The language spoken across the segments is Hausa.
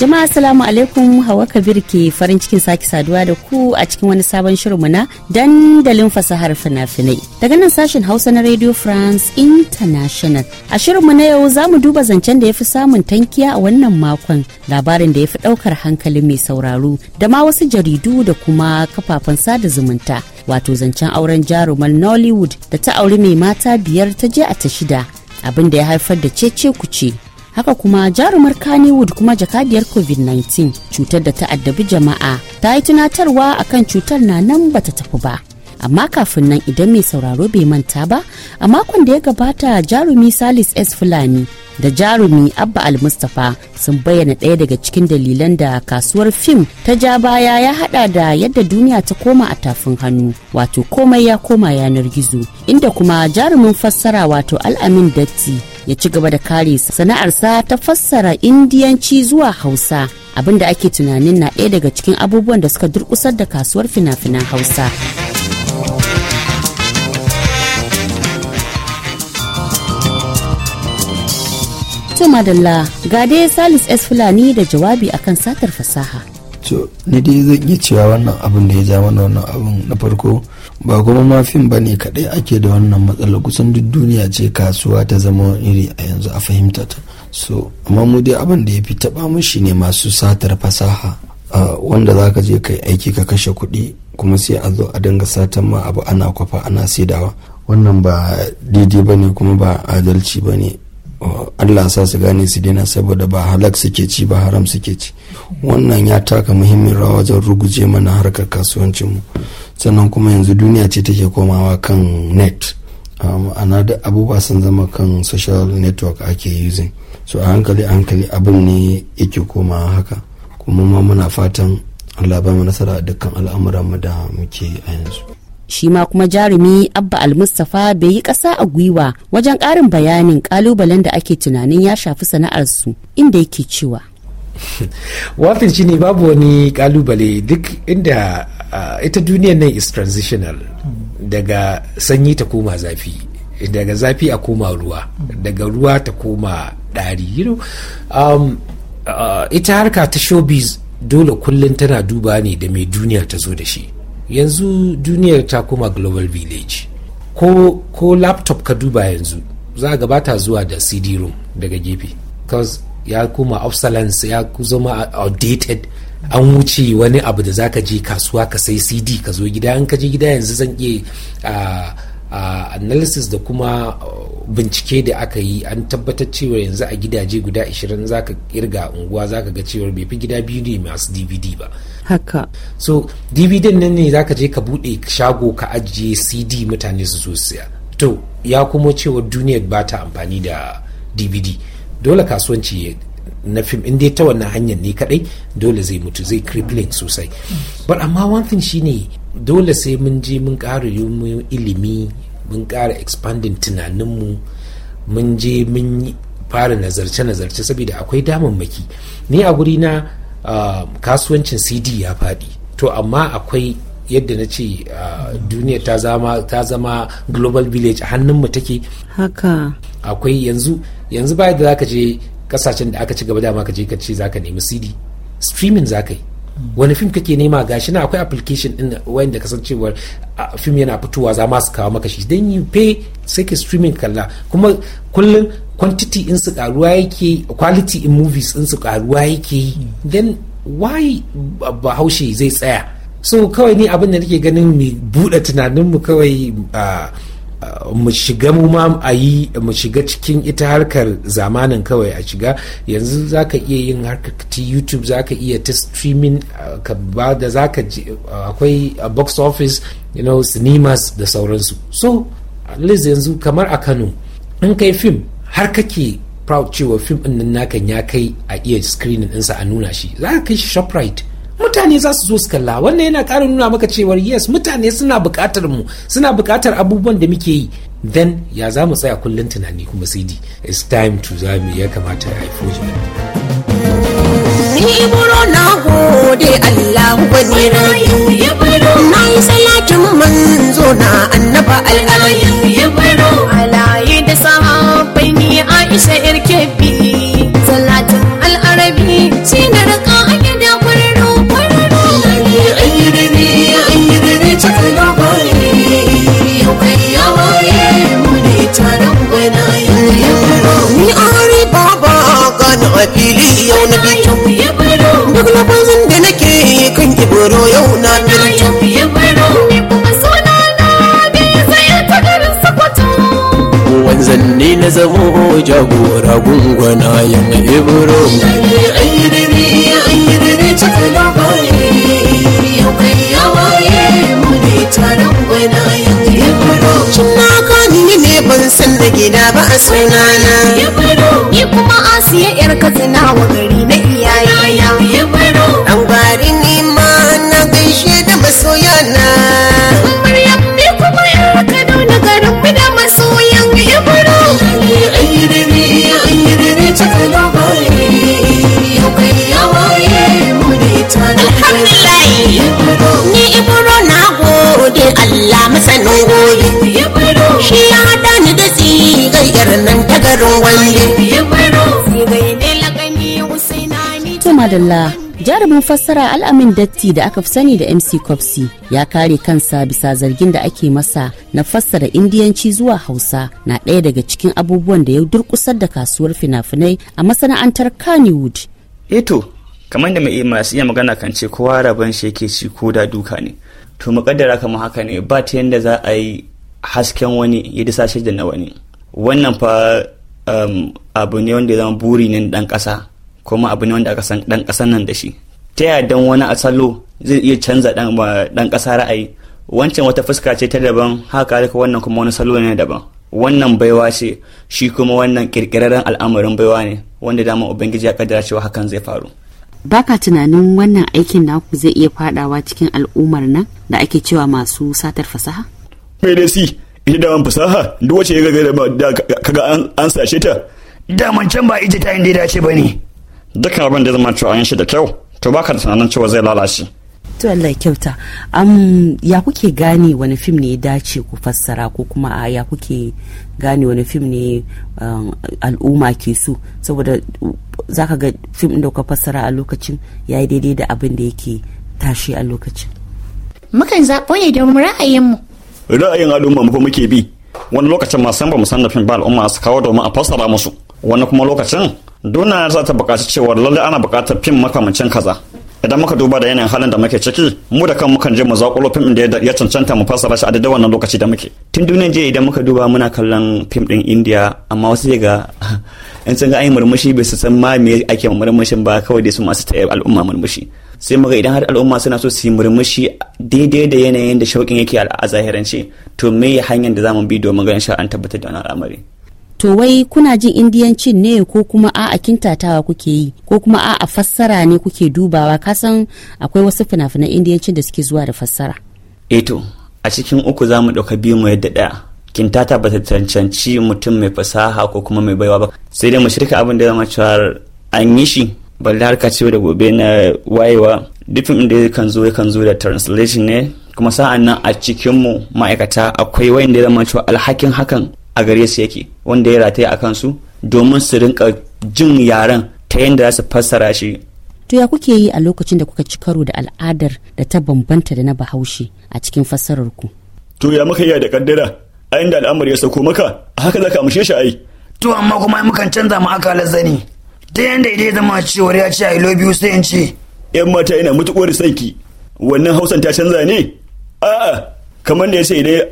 Jama'a Assalamu alaikum Hawa Kabir ke farin cikin sake saduwa da ku a cikin wani sabon shirinmu na dandalin fasahar fina-finai. Daga nan sashen Hausa na Radio France International. A shirinmu na yau za mu duba zancen da ya fi samun tankiya a wannan makon labarin da ya fi ɗaukar hankalin mai sauraro da ma wasu jaridu da kuma kafafen sada zumunta. Wato zancen auren jarumar Nollywood da ta auri mai mata biyar ta je a ta shida abin da ya haifar da cece kuce. haka kuma jarumar kannywood kuma jakadiyar covid-19 cutar da ta addabi jama'a ta yi tunatarwa kan cutar na nan bata tafi ba amma kafin nan idan mai sauraro bai manta ba a makon da ya gabata jarumi salis s fulani da jarumi abba al-mustapha sun bayyana ɗaya daga cikin dalilan da kasuwar fim ta ja baya ya haɗa da yadda duniya ta koma a tafin hannu wato komai ya koma yanar gizo inda kuma jarumin fassara wato al'amin datti ya ci gaba da kare sana'ar sa ta fassara indiyanci zuwa hausa abin da ake tunanin na ɗaya daga cikin abubuwan da suka durƙusar da kasuwar fina-finan hausa to madalla gade dai salis s fulani da jawabi akan satar fasaha to ni dai zan iya cewa wannan abin da ya ja mana wannan abin na farko ba kuma ma fim ba ne kaɗai ake da wannan matsala kusan duk duniya ce kasuwa ta zama iri a yanzu a fahimta ta so amma mu dai abin da ya fi taɓa mu ne masu satar fasaha wanda za ka je kai aiki ka kashe kuɗi kuma sai a zo a dinga satan ma abu ana kwafa ana saidawa wannan ba daidai ba ne kuma ba adalci ba ne allah sa su gane su daina saboda ba halak suke ci ba haram suke ci wannan ya taka muhimmin rawa wajen ruguje mana harkar kasuwancinmu sannan kuma yanzu duniya ce take komawa kan net ana da abubuwa sun zama kan social network ake using so a hankali hankali abin ne yake komawa haka kuma ma muna fatan allah ba mu nasara dukkan al'amuranmu da muke a yanzu shi ma kuma jarumi abba almustafa bai yi ƙasa a gwiwa wajen ƙarin bayanin ƙalubalen da ake tunanin ya shafi sana'arsu inda yake cewa wafin shi ne babu wani ƙalubale duk inda ita duniyar nan is transitional daga sanyi ta koma zafi daga zafi a koma ruwa daga ruwa ta koma ɗari um, ita harka ta showbiz dole kullum tana duba ne da mai duniya ta zo da shi yanzu duniyar ta koma global village ko, ko laptop ka duba yanzu za a gabata zuwa da cd room daga gefe ya koma obsolence ya zama outdated an wuce wani abu da za ka je kasuwa ka sai cd ka zo gida an ka je gida yanzu zan iya ah, analysis da kuma uh, bincike da aka yi an tabbatar cewa yanzu a gidaje guda 20 ka kirga unguwa za ka ga cewar bai fi gida biyu ne masu dvd ba haka so dvd nan ne za ka je ka bude shago ka ajiye cd mutane su so siya to ya kuma cewa duniya ba ta amfani da dvd dole kasuwanci na fim in dai ta wannan hanyar ne kadai dole zai mutu zai crippling sosai but amma one thing shine dole sai mun je mun ƙara yi ilimi mun ƙara expanding tunaninmu mun je mun fara nazarce-nazarce saboda akwai damammaki ni a guri na kasuwancin cd ya faɗi to amma akwai yadda na ce duniya ta zama global village a hannunmu take haka akwai yanzu yanzu baya da za ka je kasashen da aka ci gaba dama ka je ka ce za ka nemi cd streaming za ka yi wani fim kake nema gashi na akwai application din wanda kasancewar fim yana fitowa za ma su kawo maka shi dan you pay sai ka streaming kalla kuma kullum quantity in su karuwa yake quality in movies in su karuwa yake then why bahaushe zai tsaya so kawai ni abin da nake ganin mai buɗe tunaninmu kawai mu shiga mu ma a yi mu shiga cikin ita harkar zamanin kawai a shiga yanzu za ka iya yin harkar ta youtube za ka iya ta streaming uh, ka ba da za ka uh, akwai uh, box office you know cinemas da sauransu so at least yanzu kamar a kano in kai fim har kake proud cewa fim din nakan ya kai a iya screening ɗinsa a nuna shi za ka kai shi shoprite mutane za su zo su kalla wannan yana ƙara nuna maka cewar yes mutane suna buƙatar mu suna buƙatar abubuwan da muke yi then ya za mu tsaya kullum tunani kuma sidi it's time to za mu ya kamata ya haifo ni buru na gode Allah wani na yi salatin manzo na na zamo jagora gungwana yan ibro shi ya ni da nan ta garin wande madalla jarumin fassara al'amin datti da aka fi sani da mc copsy ya kare kansa bisa zargin da ake masa na fassara indiyanci zuwa hausa na ɗaya daga cikin abubuwan da ya durkusar da kasuwar fina-finai a masana'antar kannywood eto eh kamar da mai masu iya magana kan ce kowa rabon shi yake ci ko da duka ne to muƙaddara kamar haka ne ba ta yadda za a yi hasken wani ya sashe da na wani wannan fa um, abu ne wanda ya zama buri ne dan ƙasa kuma abu ne wanda aka san dan kasan nan da shi ta yaya dan wani a salo zai iya canza dan dan ƙasa ra'ayi wancan wata fuska ce ta daban haka haka wannan kuma wani salo ne daban wannan baiwa ce shi kuma wannan kirkirarren al'amarin baiwa ne wanda dama ubangiji ya kaddara cewa hakan zai faru baka tunanin wannan aikin naku zai iya fadawa cikin al'ummar nan da ake cewa masu satar fasaha mai da si ita daman fasaha duk wacce ya gaga da kaga an sashe ta daman can ba ita ta inda ya dace ba ne dukkan abin da zama cewa an shi da kyau to baka tunanin cewa zai lalace to Allah kyauta um, ya kuke gane wani fim ne ya dace ku fassara ko kuma a ya kuke gane wani fim ne um, al'umma ke so saboda uh, za ka ga fim da kuka fassara a lokacin ya yi daidai da abin da yake tashi a lokacin mukan zaɓo ne da ra'ayinmu ra'ayin al'umma mu muke bi wani lokacin ma san ba mu san da fim ba al'umma su kawo domin a fassara musu wani kuma lokacin duniya za ta buƙaci cewa lallai ana buƙatar fim makamancin kaza idan muka duba da yanayin halin da muke ciki mu da kan mukan je mu zaƙulo fim din da ya cancanta mu fassara shi a daidai wannan lokaci da muke tun duniyan jiya idan muka duba muna kallon fim din India amma wasu ya ga in sun ga yi murmushi bai su san ma me ake murmushin ba kawai dai su masu taya al'umma murmushi sai muga idan har al'umma suna so su yi murmushi daidai da yanayin da shauƙin yake a zahirance to me hanyar da za mu bi domin ganin sha tabbatar da wannan al'amari to wai kuna jin indiyancin ne ko kuma a'a kintatawa kuke yi ko kuma a fassara ne kuke dubawa kasan akwai wasu fina-finan indiyancin da suke zuwa da fassara eto eh a cikin uku za mu ɗauka biyu mu yadda ɗaya kintata ba ta cancanci mutum mai fasaha ko kuma mai baiwa ba sai dai mu shirka abin da zama cewa an yi shi da harka ce da gobe na wayewa dufin da kan zo kan zo da translation ne kuma sa'an nan a cikinmu ma'aikata akwai wanda ya zama cewa alhakin hakan a gare su yake wanda ya rataya a kansu domin su rinka jin yaren ta yadda za su fassara shi to ya kuke yi a lokacin da kuka ci karo da al'adar da ta bambanta da na bahaushe a cikin fassarar ku to ya maka yi da kaddara a inda al'amari ya sauko maka a haka zaka amshe shi ai to amma kuma mukan canza mu akalar zani da yanda ya zama cewar ya ce a yi you sai in ce yan mata yana mutuƙar sanki wannan hausan ta canza ne a'a kamar da ya ce idan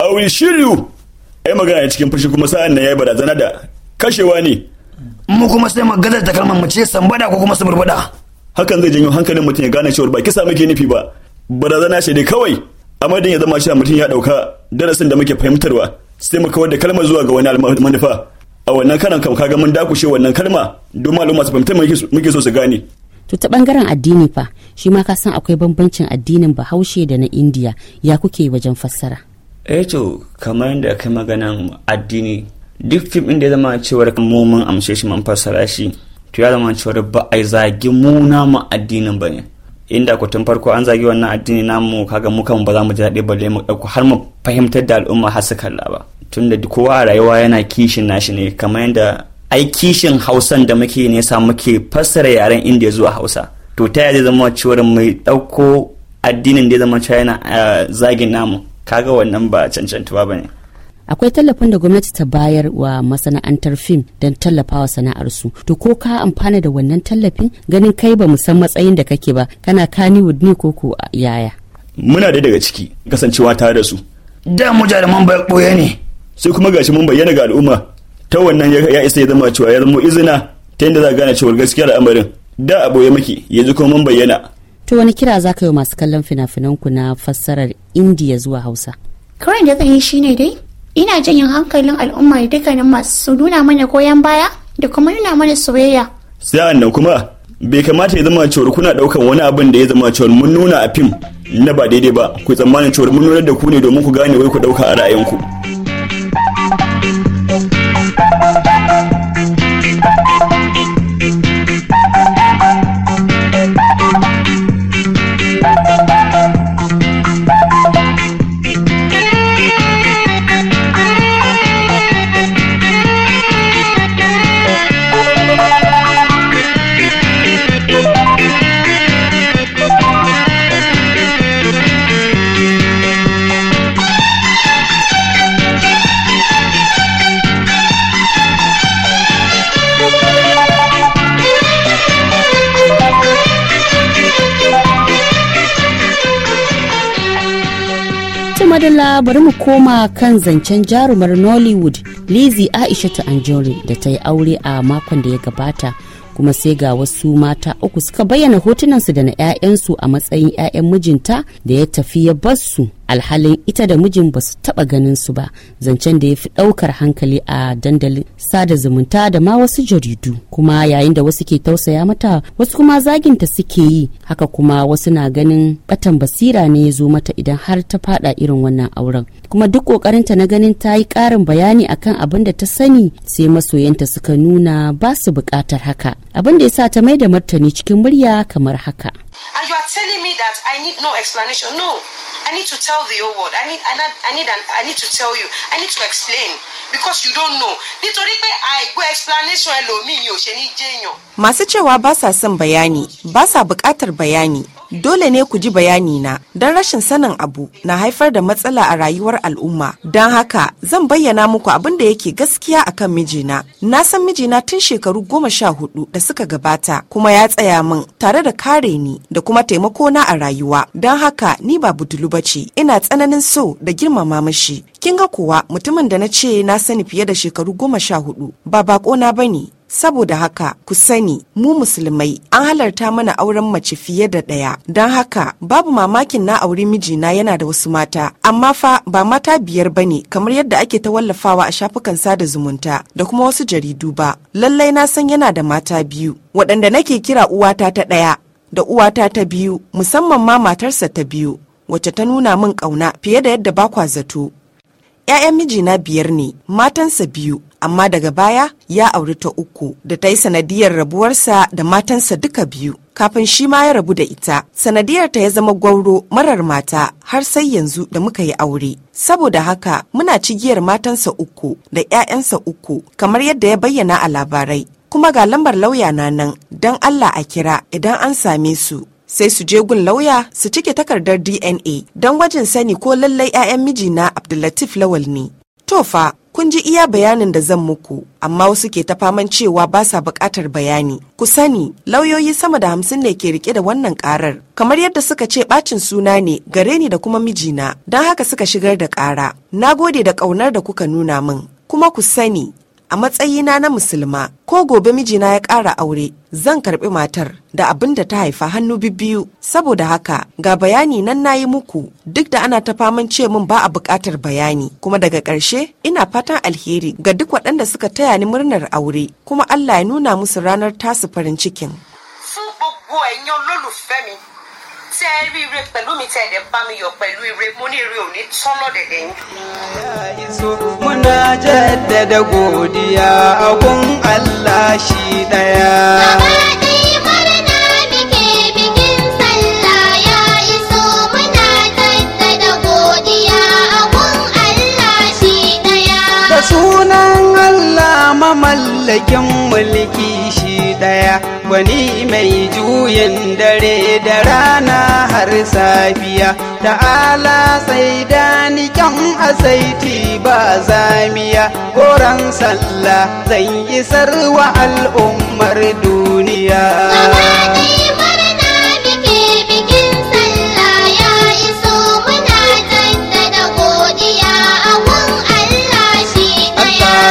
i will shiru ya magana ne cikin fushi kuma sa'an nan ya yi barazana da kashewa ne mu kuma sai maganar da kalmar mu ce sambada ko kuma murbada. hakan zai janyo hankalin mutum ya gane cewa ba kisa muke nufi ba barazana shi ne kawai amma dan ya zama shi mutum ya dauka darasin da muke fahimtarwa sai mu kawar da kalmar zuwa ga wani manufa a wannan karan kam kaga mun dakushe wannan kalma don maluma su fahimta muke so su gane to ta bangaren addini fa shi ma ka san akwai bambancin addinin bahaushe da na indiya ya kuke wajen fassara eh to kamar yadda kai maganan addini duk fim inda da ya zama cewar mu mun amshe shi mun fassara shi to ya zama cewar ba a zagi mu mu addinin ba inda ku tun farko an zagi wannan addini namu kaga mu kan ba za mu ji daɗi balle mu ɗauko har mu fahimtar da al'umma har su kalla ba tunda kowa a rayuwa yana kishin nashi ne kamar yadda ai kishin hausan da muke nesa muke fassara yaren inda zo zuwa hausa to ta yaya zai zama cewar mai ɗauko addinin da ya zama cewa yana eh, zagin namu kaga wannan ba cancantuwa ba ne akwai tallafin da gwamnati ta bayar wa masana'antar fim don tallafa tallafawa sana'arsu to ko ka amfana da wannan tallafin ganin kai ba mu san matsayin da kake ba kana kaniwood ne ko ko yaya muna da daga ciki kasancewa tare da su da mu jaruman bai koya ne sai kuma gashi mun bayyana ga al'umma ta wannan ya isa ya zama cewa ya zama izina ta yadda za gane cewa gaskiyar al'amarin da a boye maki yanzu kuma mun bayyana to wani kira za ka yi masu kallon fina-finanku na fassarar indiya zuwa hausa kawai da zan yi ne dai ina yin hankalin al'umma da dukkanin masu nuna mana goyon baya da kuma nuna mana soyayya an nan kuma bai kamata ya zama cewar kuna daukan wani abin da ya zama cewar mun nuna a fim na ba daidai ba ku tsammanin cewar mun nuna da ku ne domin ku gane wai ku ɗauka a ra'ayinku. ku madalla bari mu koma kan zancen jarumar Nollywood Lizzy ta Anjori da ta yi aure a makon da ya gabata kuma sai ga wasu mata uku suka bayyana hotunansu da na 'ya'yansu a matsayin 'ya'yan mijinta da ya tafi ya bar su alhalin ita da mijin ba su taɓa ganin su ba zancen da ya fi ɗaukar hankali a dandalin sada zumunta da ma wasu jaridu kuma yayin da wasu ke tausaya mata wasu kuma zaginta suke yi haka kuma wasu na ganin batan basira ne ya zo mata idan har ta faɗa irin wannan auren kuma duk ƙoƙarinta na ganin ta yi ƙarin bayani akan abin da ta sani sai masoyanta suka nuna ba su buƙatar haka abin da ya sa ta mai da martani cikin murya kamar haka. And you are telling me that I need no explanation. No, I need to tell the whole world. I need, I need, I need, an, I need to tell you. I need to explain because you don't know. Nítorí pé àìgbọ́ explanation ẹlòmíì ni ò ṣe ní jẹ́yàn. Masu cewa ba sa son bayani, ba sa buƙatar bayani, dole ne ku ji bayani na. don rashin sanin abu na haifar da matsala a rayuwar al'umma don haka zan bayyana muku abin da yake gaskiya a kan mijina na san mijina tun shekaru goma sha hudu da suka gabata kuma ya tsaya min tare da kare ni da kuma taimako na a rayuwa don haka ni ba budulu ba ce ina tsananin so da girmama mishi kin ga kuwa mutumin da na ce na sani fiye da shekaru goma sha hudu ba bako na bane Saboda haka ku sani mu musulmai an halarta mana auren mace fiye da ɗaya don haka babu mamakin na auri mijina yana da wasu mata amma fa ba mata biyar ba ne kamar yadda ake ta wallafawa a shafukan sada zumunta da kuma wasu jaridu ba lallai na san yana da mata biyu waɗanda nake kira uwata ta ɗaya da uwata ta biyu musamman ma matarsa ta biyu wacce ta nuna min ƙauna fiye da yadda ba kwa zato ‘ya'yan mijina biyar ne matansa biyu amma daga baya ya auri ta uku da ta yi sanadiyar rabuwarsa da matansa duka biyu kafin shi ma ya rabu da ita sanadiyar ta ya zama gwauro marar mata har sai yanzu da muka yi aure saboda haka muna cigiyar matansa uku da 'ya'yansa uku kamar yadda ya bayyana a labarai kuma ga lambar lauya na nan don allah a kira idan an same su sai su je gun lauya su cike takardar dna don gwajin sani ko lallai 'ya'yan mijina abdullatif lawal ne to fa Kun ji iya bayanin da zan muku, amma wasu ke ta faman cewa ba sa buƙatar bayani. Ku sani, lauyoyi sama da hamsin ne ke rike da wannan ƙarar. Kamar yadda suka ce ɓacin suna ne gare ni da kuma mijina, don haka suka shigar da ƙara. Na gode da ƙaunar da kuka nuna min. Kuma ku sani, a matsayina na musulma ko gobe mijina ya ƙara aure zan karbi matar da abin da ta haifa hannu bibbiyu saboda haka ga bayani nan na yi muku duk da ana ta faman ce min ba a bukatar bayani kuma daga ƙarshe ina fatan alheri ga duk waɗanda suka taya ni murnar aure kuma Allah ya nuna musu ranar tasu farin cikin. gbogbo tẹ rí ire pẹ̀lú mi tẹ ẹ̀dẹ̀ bá mi yọ̀ pẹ̀lú ire mo ní ire òní tán lọ́dẹ̀dẹ̀ yín. Muna jaddada godiya a gun Allah shi ɗaya. mamallakin mulki shi ɗaya wani mai juyin dare da rana har safiya ta'ala sai da kyan asaiti ba zamiya koran sallah zan isar wa al'ummar duniya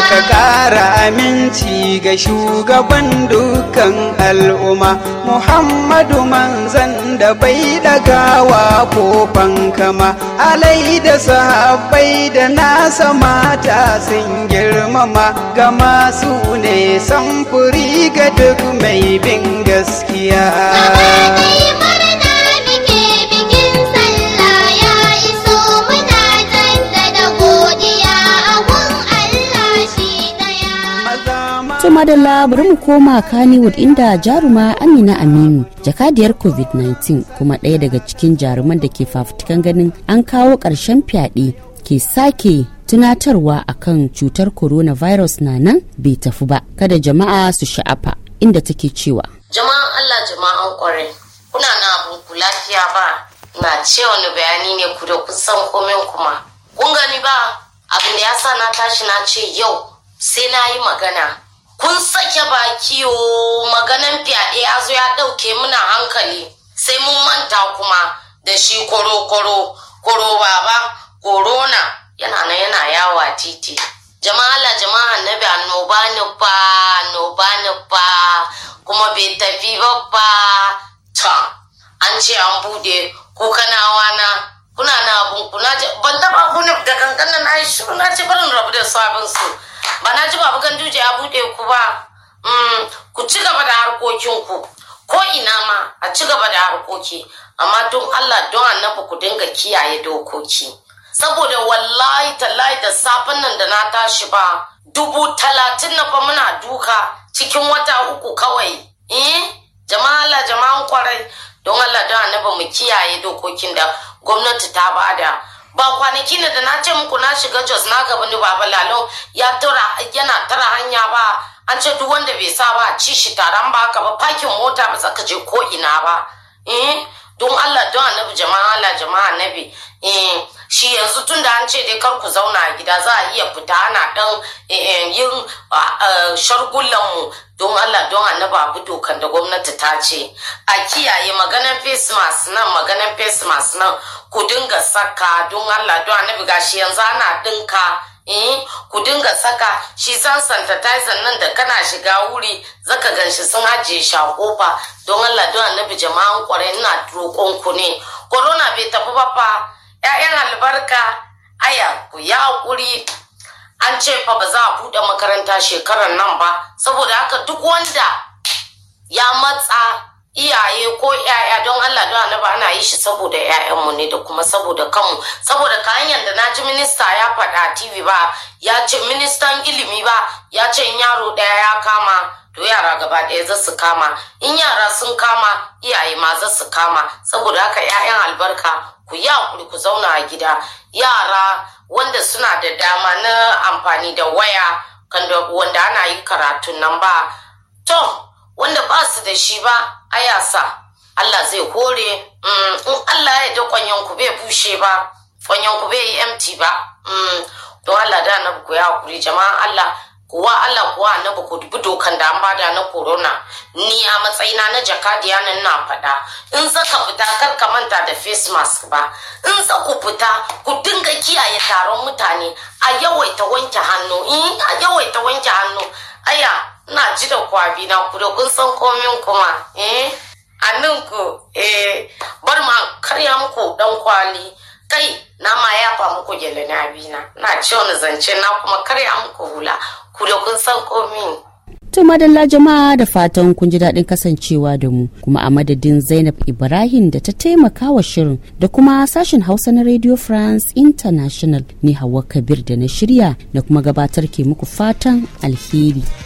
ka ƙara aminci ga shugaban dukkan al'umma muhammadu manzan da bai ɗagawa ko fankama alai da sahabbai da nasa mata sun girmama ga masu ne samfuri ga duk mai bin gaskiya sai madalla bari mu koma Kannywood inda jaruma Amina Aminu jakadiyar COVID-19 kuma ɗaya daga cikin jaruman da ke fafutukan ganin an kawo ƙarshen fyaɗe ke sake tunatarwa akan cutar coronavirus na nan bai tafi ba kada jama'a su sha'afa inda take cewa. Jama'an Allah jama'an ƙwarai kuna na abu ku lafiya ba na cewa ni bayani ne ku da kusan komen kuma. Kun gani ba abin da ya sa na tashi na ce yau sai na yi magana Kun sake baki o oh, maganan fyaɗe ya zo ya ɗauke muna hankali sai mun manta kuma da shi koro-koro, koro baba, korona yana nan yana yawa titi. Jama'a jama'a annabi annoba ni annoba ni ba, kuma bai tafi ba ba. Ta, an ce an bude ko kana na kuna na abun kuna ban taba kuna da kankanan na shiru na ce barin rabu da sabon su. ba na ji babu juje ya bude ku ba mm, ku ci gaba da harkokinku ko ina ma a ci gaba da harkoki amma don Allah don annabi ku dinga kiyaye dokoki saboda wallahi tallahi da safen nan da na tashi ba dubu talatin na fa muna duka cikin wata uku kawai eh jama'a Allah jama'an kwarai don Allah don annabi mu kiyaye dokokin da gwamnati ta ba da. ba kwanaki ne da na ce muku na shiga jos na gaba ni baba lalo ya tura yana tara hanya ba an ce duk wanda bai sa ba ci shi taron ba ka ba pakin mota ba zaka je ko ina ba eh don Allah don annabi jama'a Allah jama'a annabi eh shi yanzu tun da an ce dai kar ku zauna a gida za a iya fita ana dan eh, eh, yin shargullanmu don Allah don annaba abu dokan da gwamnati ta ce a kiyaye maganan face mask nan maganan face mask nan ku dinga saka don Allah don annabi gashi yanzu ana dinka eh ku dinga saka shi san sanitizer nan da kana shiga wuri zaka ganshi sun ajiye shi a kofa don Allah don annabi jama'an kwarai ina roƙon ku ne corona bai tafi ba fa 'ya'yan albarka aya ku ya haƙuri an ce fa ba za a buɗe makaranta shekarar nan ba saboda haka duk wanda ya matsa iyaye ko 'ya'ya don Allah don Annabi ana yi shi saboda 'ya'yanmu ne da kuma saboda kanmu saboda ka hanyar da na ji minista ya faɗa TV ba ya ce ministan ilimi ba ya ce yaro ɗaya ya kama to yara gaba ɗaya za su kama in yara sun kama iyaye ma za su kama saboda haka 'ya'yan albarka ku ya ku zauna a gida yara wanda suna da dama na amfani da waya wanda ana yi karatun nan ba to wanda ba su da shi ba ayasa Allah zai hore mm, in Allah ya da kwanyon ku bai bushe ba kwanyan ku bai yi empty ba to mm, Allah da na ku ya hakuri jama'a Allah wa Allah kuwa na buku dubu dokan da an bada na corona ni a matsayina na jakadiya nan na faɗa in zaka fita kar ka manta da face mask ba in za ku fita ku dinga kiyaye taron mutane a yawaita wanke hannu in eh, a yawaita wanke hannu aya na ji da kwabi na ku da kun san komin kuma eh ku eh bar ma karya muku dan kwali kai na ma ya fa muku bi na na ci wani zance na kuma karya muku hula ku da kun san komi. To madalla jama'a da fatan kun ji daɗin kasancewa da mu kuma a madadin Zainab Ibrahim da ta taimaka wa shirin da kuma sashen Hausa na Radio France International ni Hauwa Kabir da na shirya da kuma gabatar ke muku fatan alheri.